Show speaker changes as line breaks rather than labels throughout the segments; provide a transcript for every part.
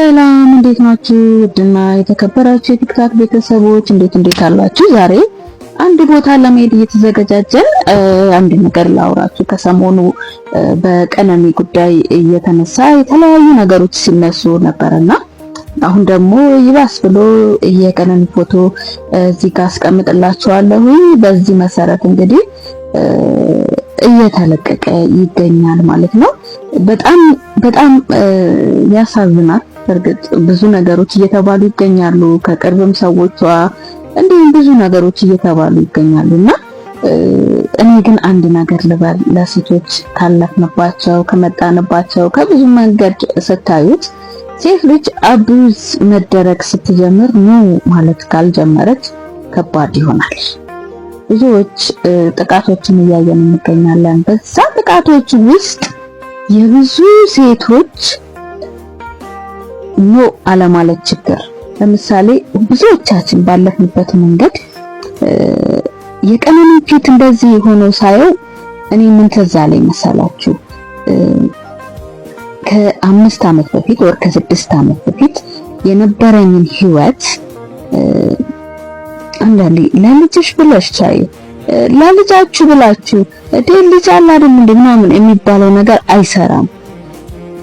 ሰላም እንዴት ናችሁ? ውድና የተከበራችሁ የቲክታክ ቤተሰቦች እንዴት እንዴት አላችሁ? ዛሬ አንድ ቦታ ለመሄድ እየተዘገጃጀን አንድ ነገር ላውራችሁ። ከሰሞኑ በቀነኒ ጉዳይ እየተነሳ የተለያዩ ነገሮች ሲነሱ ነበርና አሁን ደግሞ ይባስ ብሎ የቀነኒ ፎቶ እዚህ ጋር አስቀምጥላችኋለሁ። በዚህ መሰረት እንግዲህ እየተለቀቀ ይገኛል ማለት ነው። በጣም በጣም ያሳዝናል። በእርግጥ ብዙ ነገሮች እየተባሉ ይገኛሉ። ከቅርብም ሰዎቿ እንዲሁም ብዙ ነገሮች እየተባሉ ይገኛሉ እና እኔ ግን አንድ ነገር ልበል፣ ለሴቶች ካለፍንባቸው ከመጣንባቸው ከብዙ መንገድ ስታዩት ሴት ልጅ አብዝ መደረግ ስትጀምር ኖ ማለት ካልጀመረች ከባድ ይሆናል። ብዙዎች ጥቃቶችን እያየን እንገኛለን። በዛ ጥቃቶች ውስጥ የብዙ ሴቶች ኖ አለማለት ችግር። ለምሳሌ ብዙዎቻችን ባለፍንበት መንገድ የቀነኒ ፊት እንደዚህ ሆኖ ሳየው እኔ ምን ትዝ አለኝ መሰላችሁ? ከአምስት ዓመት በፊት ወር ከስድስት ዓመት በፊት የነበረኝን ህይወት አንዳንዴ ለልጅሽ ብለሽ ቻይ ለልጃችሁ ብላችሁ እዴ ልጅ አለ አይደል ምናምን የሚባለው ነገር አይሰራም።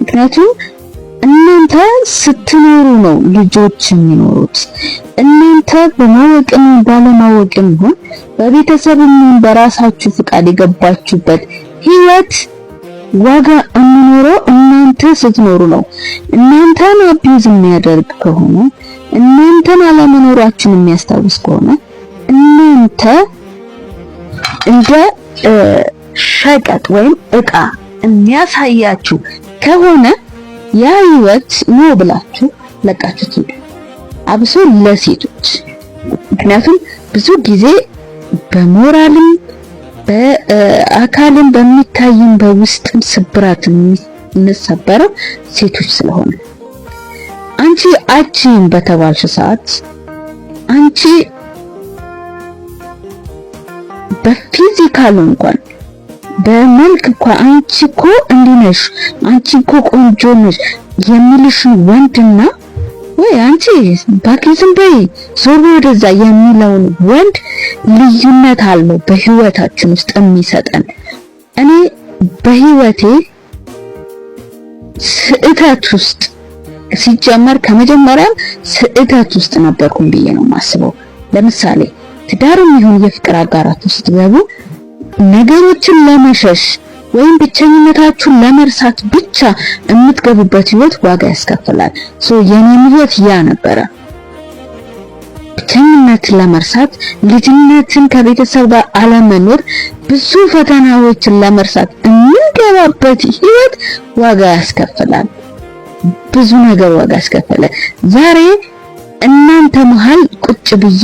ምክንያቱም እናንተ ስትኖሩ ነው ልጆች የሚኖሩት። እናንተ በማወቅም ባለማወቅም ይሁን በቤተሰብም በራሳችሁ ፍቃድ የገባችሁበት ህይወት ዋጋ የሚኖረው እናንተ ስትኖሩ ነው። እናንተን አቢዩዝ የሚያደርግ ከሆነ እናንተን አለመኖራችን የሚያስታውስ ከሆነ እናንተ እንደ ሸቀጥ ወይም እቃ የሚያሳያችሁ ከሆነ ያ ህይወት ነው ብላችሁ ለቃችሁት እንዴ? አብሶ ለሴቶች ምክንያቱም ብዙ ጊዜ በሞራልም በአካልም በሚታይም በውስጥም ስብራት የምንሰበረው ሴቶች ስለሆነ አንቺ አቺን በተባልሽ ሰዓት አንቺ በፊዚካል እንኳን በመልክ እኮ አንቺ እኮ እንዲህ ነሽ፣ አንቺ እኮ ቆንጆ ነሽ የሚልሽን ወንድና ወይ አንቺ እባክሽ ዝም በይ ዞር ወደዛ የሚለውን ወንድ ልዩነት አለው በህይወታችን ውስጥ የሚሰጠን። እኔ በህይወቴ ስዕተት ውስጥ ሲጀመር ከመጀመሪያም ስዕተት ውስጥ ነበርኩም ብዬ ነው የማስበው። ለምሳሌ ትዳርም ይሁን የፍቅር አጋራት ውስጥ ገቡ ነገሮችን ለመሸሽ ወይም ብቸኝነታችሁን ለመርሳት ብቻ የምትገቡበት ህይወት ዋጋ ያስከፍላል። ሶ የኔ ህይወት ያ ነበረ። ብቸኝነት ለመርሳት ልጅነትን ከቤተሰብ ጋር አለመኖር ብዙ ፈተናዎችን ለመርሳት የምንገባበት ህይወት ዋጋ ያስከፍላል። ብዙ ነገር ዋጋ ያስከፈለ። ዛሬ እናንተ መሃል ቁጭ ብዬ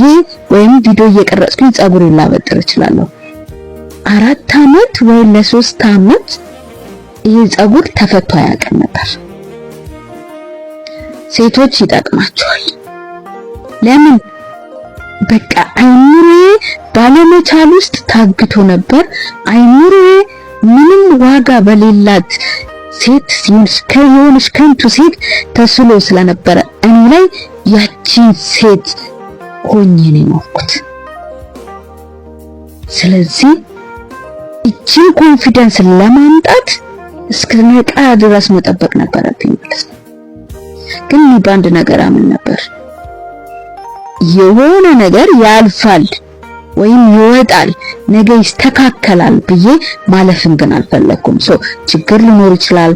ወይም ቪዲዮ እየቀረጽኩኝ ጸጉሬን ላበጥር እችላለሁ። አራት አመት ወይ ለሶስት አመት ይህ ጸጉር ተፈቶ አያውቅም ነበር። ሴቶች ይጠቅማቸዋል። ለምን በቃ አይምሮዬ ባለመቻል ውስጥ ታግቶ ነበር። አይምሮዬ ምንም ዋጋ በሌላት ሴት ሲምስ ከንቱ ሴት ተስሎ ስለነበረ እኔ ላይ ያቺን ሴት ሆኜ ነው የኖርኩት። ስለዚህ እችን ኮንፊደንስ ለማምጣት እስክነቃ ድረስ መጠበቅ ነበረብኝ ማለት ነው። ግን በአንድ ነገር አምን ነበር፣ የሆነ ነገር ያልፋል ወይም ይወጣል፣ ነገ ይስተካከላል ብዬ ማለፍን ግን አልፈለኩም። ሶ ችግር ሊኖር ይችላል።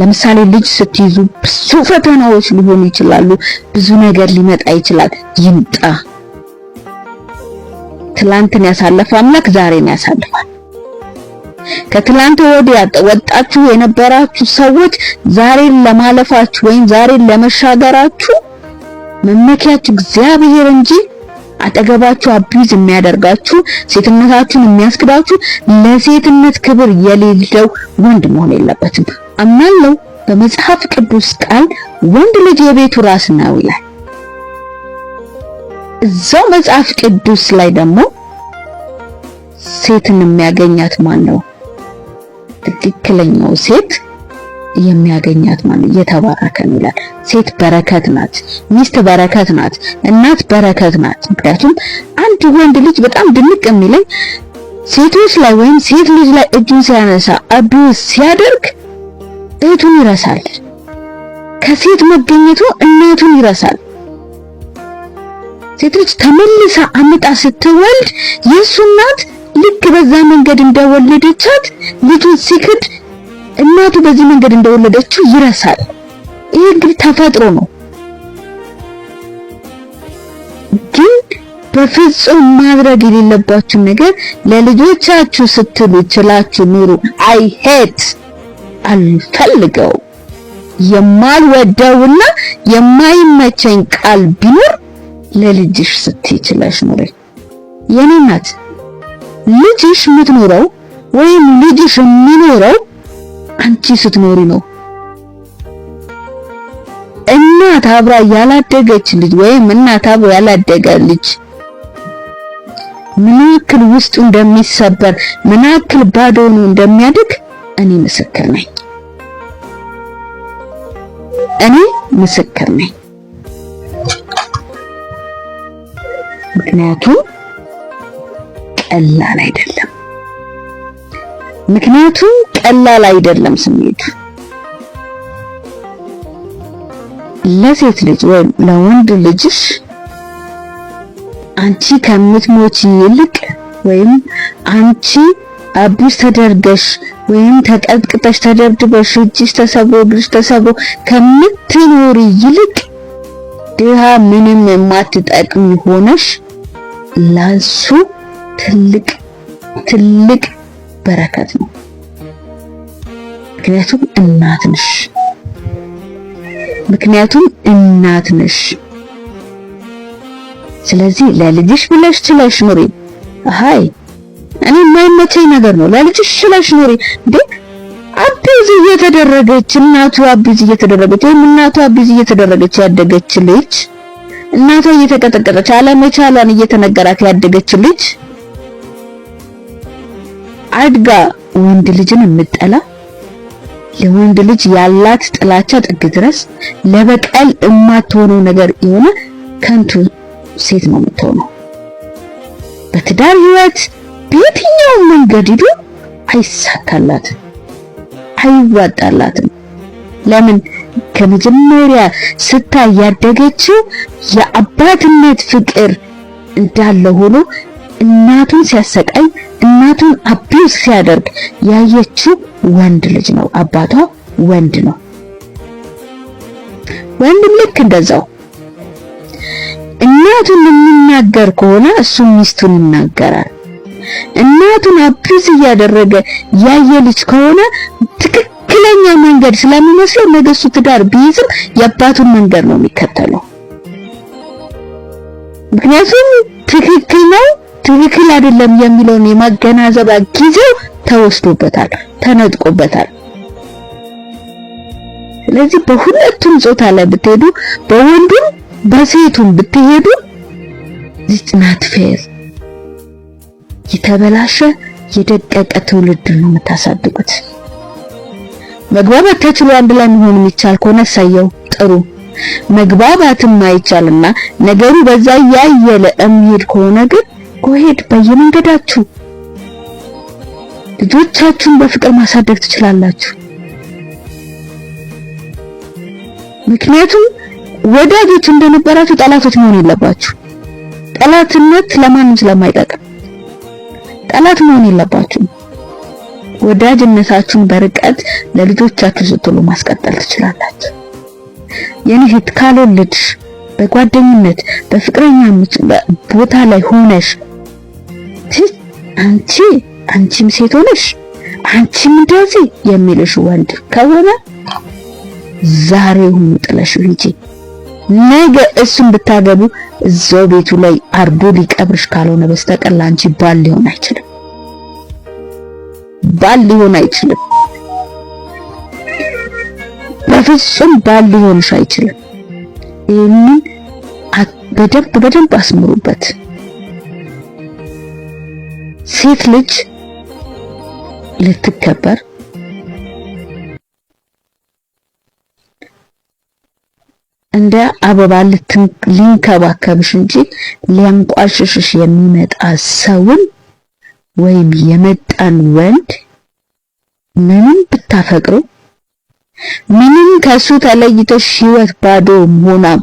ለምሳሌ ልጅ ስትይዙ ብዙ ፈተናዎች ሊሆኑ ይችላሉ። ብዙ ነገር ሊመጣ ይችላል። ይምጣ። ትላንትን ያሳለፈ አምላክ ዛሬን ያሳልፋል። ከትላንት ወዲያ ወጣችሁ የነበራችሁ ሰዎች ዛሬን ለማለፋችሁ ወይም ዛሬን ለመሻገራችሁ መመኪያችሁ እግዚአብሔር እንጂ አጠገባችሁ አቢዝ የሚያደርጋችሁ ሴትነታችሁን የሚያስክዳችሁ ለሴትነት ክብር የሌለው ወንድ መሆን የለበትም። አምናለሁ በመጽሐፍ ቅዱስ ቃል ወንድ ልጅ የቤቱ ራስ ነው ይላል። እዛው መጽሐፍ ቅዱስ ላይ ደግሞ ሴትን የሚያገኛት ማን ነው? ትክክለኛው ሴት የሚያገኛት ማለት የተባረከ ነው ይላል። ሴት በረከት ናት፣ ሚስት በረከት ናት፣ እናት በረከት ናት። ምክንያቱም አንድ ወንድ ልጅ በጣም ድንቅ የሚለኝ ሴቶች ላይ ወይም ሴት ልጅ ላይ እጁን ሲያነሳ አቢዩዝ ሲያደርግ እህቱን ይረሳል። ከሴት መገኘቱ እናቱን ይረሳል። ሴት ልጅ ተመልሳ አምጣ ስትወልድ የእሱ እናት ልክ በዛ መንገድ እንደወለደቻት ልጁን ሲክድ እናቱ በዚህ መንገድ እንደወለደችው ይረሳል። ይሄ እንግዲህ ተፈጥሮ ነው። ግን በፍጹም ማድረግ የሌለባችሁ ነገር ለልጆቻችሁ ስትሉ ይችላችሁ ኑሩ። አይ ሄት አልፈልገው የማልወደውና የማይመቸኝ ቃል ቢኖር ለልጅሽ ስትይ ይችላሽ ኑሪ የኔ ናት። ልጅሽ የምትኖረው ወይም ልጅሽ የሚኖረው አንቺ ስትኖሪ ነው። እናት አብራ ያላደገች ልጅ ወይም እናት አብሮ ያላደገ ልጅ ምን ያክል ውስጡ እንደሚሰበር ምን ያክል ባዶኑ እንደሚያድግ እኔ ምስክር ነኝ። እኔ ምስክር ነኝ። ምክንያቱም ቀላል አይደለም። ምክንያቱም ቀላል አይደለም ስሜት ለሴት ልጅ ወይም ለወንድ ልጅሽ አንቺ ከምትሞች ይልቅ ወይም አንቺ አቡስ ተደርገሽ ወይም ተቀጥቅጠሽ ተደብድበሽ እጅሽ ተሰብሮ እግርሽ ተሰብሮ ከምትኖሪ ይልቅ ድሃ ምንም የማትጠቅም ሆነሽ ላሱ ትልቅ ትልቅ በረከት ነው። ምክንያቱም እናት ነሽ። ምክንያቱም እናት ነሽ። ስለዚህ ለልጅሽ ብለሽ ችለሽ ኑሪ። አይ እኔ የማይመቸኝ ነገር ነው። ለልጅሽ ችለሽ ኑሪ እንዴ አቢዝ እየተደረገች እናቱ አቢዝ እየተደረገች ወይም እናቱ አቢዝ እየተደረገች ያደገች ልጅ እናቷ እየተቀጠቀጠች አለመቻሏን እየተነገራት ያደገች ልጅ አድጋ ወንድ ልጅን የምጠላ ለወንድ ልጅ ያላት ጥላቻ ጥግ ድረስ ለበቀል የማትሆነው ነገር የሆነ ከንቱ ሴት ነው የምትሆነው። በትዳር ህይወት በየትኛው መንገድ ሂዱ አይሳካላትም፣ አይዋጣላትም። ለምን? ከመጀመሪያ ስታ ያደገችው የአባትነት ፍቅር እንዳለ ሆኖ እናቱን ሲያሰቃይ እናቱን አቢውዝ ሲያደርግ ያየችው ወንድ ልጅ ነው። አባቷ ወንድ ነው። ወንድም ልክ እንደዛው እናቱን የሚናገር ከሆነ እሱ ሚስቱን ይናገራል። እናቱን አቢውዝ እያደረገ ያየ ልጅ ከሆነ ትክክለኛ መንገድ ስለሚመስለው ነገ እሱ ትዳር ቢይዝም የአባቱን መንገድ ነው የሚከተለው። ምክንያቱም ትክክል ነው። ትክክል አይደለም የሚለውን የማገናዘብ ጊዜው ተወስዶበታል፣ ተነጥቆበታል። ስለዚህ በሁለቱም ጾታ ላይ ብትሄዱ በወንዱም በሴቱም ብትሄዱ ናት ፌር የተበላሸ የደቀቀ ትውልድ ነው የምታሳድጉት። መግባባት ተችሎ አንድ ላይ መሆን የሚቻል ከሆነ ሳየው ጥሩ መግባባትም አይቻልና ነገሩ በዛ ያየለ የሚሄድ ከሆነ ግን ጎሄድ በየመንገዳችሁ ልጆቻችሁን በፍቅር ማሳደግ ትችላላችሁ። ምክንያቱም ወዳጆች እንደነበራችሁ ጠላቶች መሆን የለባችሁ። ጠላትነት ለማንም ስለማይጠቅም ጠላት መሆን የለባችሁ ወዳጅነታችሁን በርቀት ለልጆቻችሁ ስትሉ ማስቀጠል ትችላላችሁ። የኔ ካልወለድሽ በጓደኝነት በፍቅረኛ ቦታ ላይ ሆነሽ አንቺ አንቺም ሴት ሆነሽ አንቺም እንደዚህ የሚልሽ ወንድ ከሆነ ዛሬውኑ ጥለሽው ሂጂ። ነገ እሱን ብታገቡ እዛው ቤቱ ላይ አርዶ ሊቀብርሽ ካልሆነ በስተቀር ለአንቺ ባል ሊሆን አይችልም፣ ባል ሊሆን አይችልም፣ በፍጹም ባል ሊሆንሽ አይችልም። ይህንን በደንብ በደንብ አስምሩበት። ሴት ልጅ ልትከበር እንደ አበባ ሊንከባከብሽ እንጂ ሊያንቋሽሽሽ የሚመጣ ሰውን ወይም የመጣን ወንድ ምንም ብታፈቅሩ ምንም ከሱ ተለይተሽ ህይወት ባዶ መሆናም